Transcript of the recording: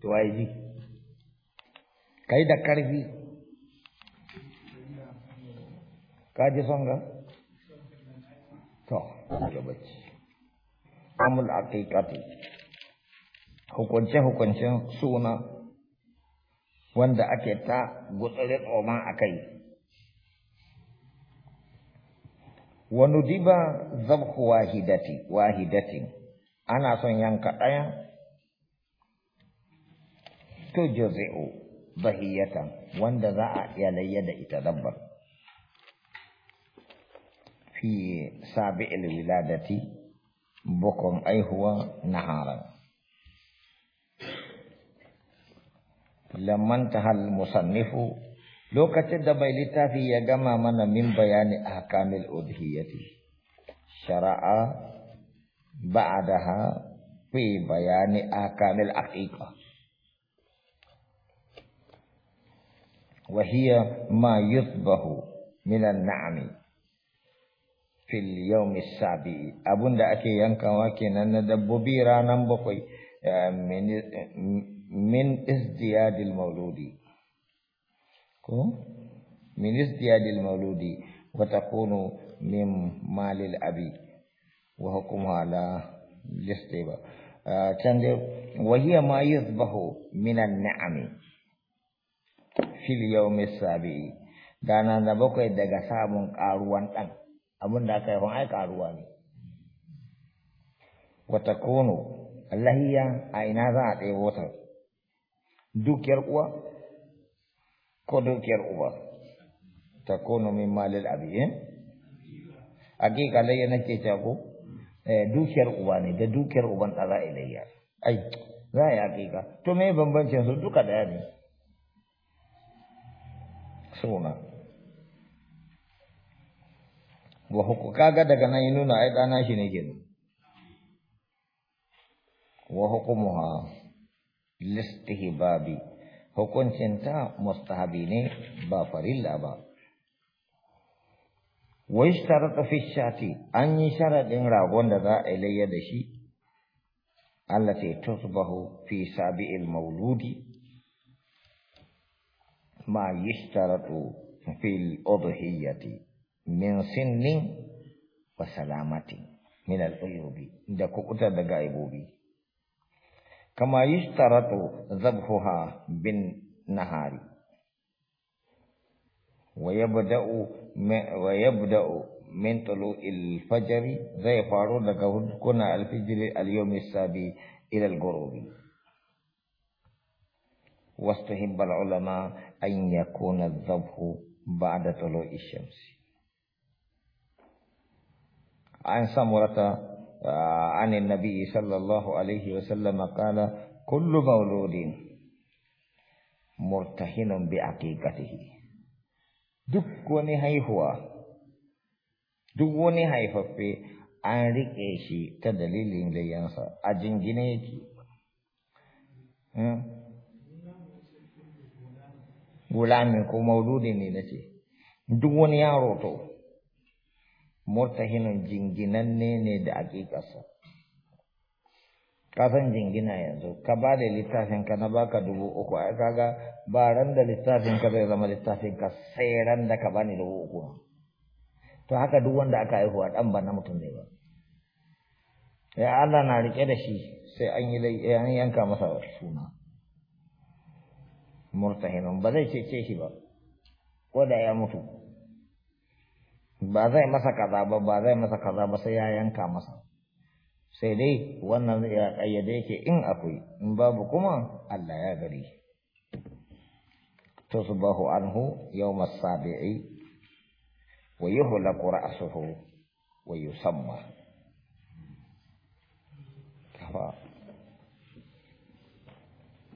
to ai ji kai da karfi ka ji son ga to daga bacci amul aqiqati hukunce hukunce suna wanda ake ta gutsure tsoma a kai wani diba zabku wahidati wahidatin ana son yanka ɗaya تجزئ ضهية وند ذا يلي يتدبر في سابع الولادة بكم أي هو نهارا لما انتهى المصنف لو كتد بيلتا في يجمع من من بيان أحكام الأضهية شرع بعدها في بيان أحكام الأقيقة وهي ما يصبه من النعم في اليوم السابع أبون دا أكي ينكا واكينا ندببي رانا بقي من من ازدياد المولود من ازدياد المولود وتكون من مال الأبي وحكمها على الاستيبا آه وهي ما يصبح من النعم fil yawmi sabi'i dana da bakwai daga samun karuwan dan abin da aka yi ai karuwa ne wata kono allahiya a ina za a ɗebo wata dukiyar uwa ko dukiyar uba kono min malil abiyin eh? hakika layya nake jago eh, dukiyar uba ne da dukiyar uban ɗa za a ilayya ai za a yi hakika to me bambancin su duka daya ne suna wa huku kaga daga nan nuna ai ɗana shi ne kenan wa hukumuha listihbabi ta mustahabi ne ba farilla ba wa ishtarata fi shati an yi sharadin ragon da za a layya da shi allati tusbahu fi sabi'il mauludi ma yishtaratu fil udhiyati min sinnin wa salamatin min al ayubi da kukuta daga ayubi kama yishtaratu zabhuha bin nahari wa yabda'u wa yabda'u min tulu al fajri zai faru daga hudkuna al fajri al yawm sabi ila al ghurubi wastuhibbal ulama an yakuna dhabhu ba'da tulu'i syamsi an samurata uh, an nabi sallallahu alaihi wasallam qala kullu mauludin murtahinun bi aqiqatihi dukkuni haihuwa dukkuni haifafi an rike shi ta dalilin layyansa a jingine yake hmm? gulami ko mauludi ne na ce duk wani yaro to murtahinin jinginan ne da aƙiƙarsa kasan jingina yanzu ka ba da littafin ka na baka dubu uku ka kaga ba ran da littafin ka zai zama littafin ka sai ran da ka bani dubu uku to haka duk wanda aka haihuwa dan ba na mutum ne ba ya Allah na rike da shi sai an yi yanka masa suna murtahiman ba zai cece shi ba ko da ya mutu ba zai masa kaza ba ba zai masa kaza ba sai ya yanka masa sai dai wannan ya kayyade yake in akwai in babu kuma Allah ya gari to subahu anhu yawmas sabii wa yuhlaqu ra'suhu wa yusamma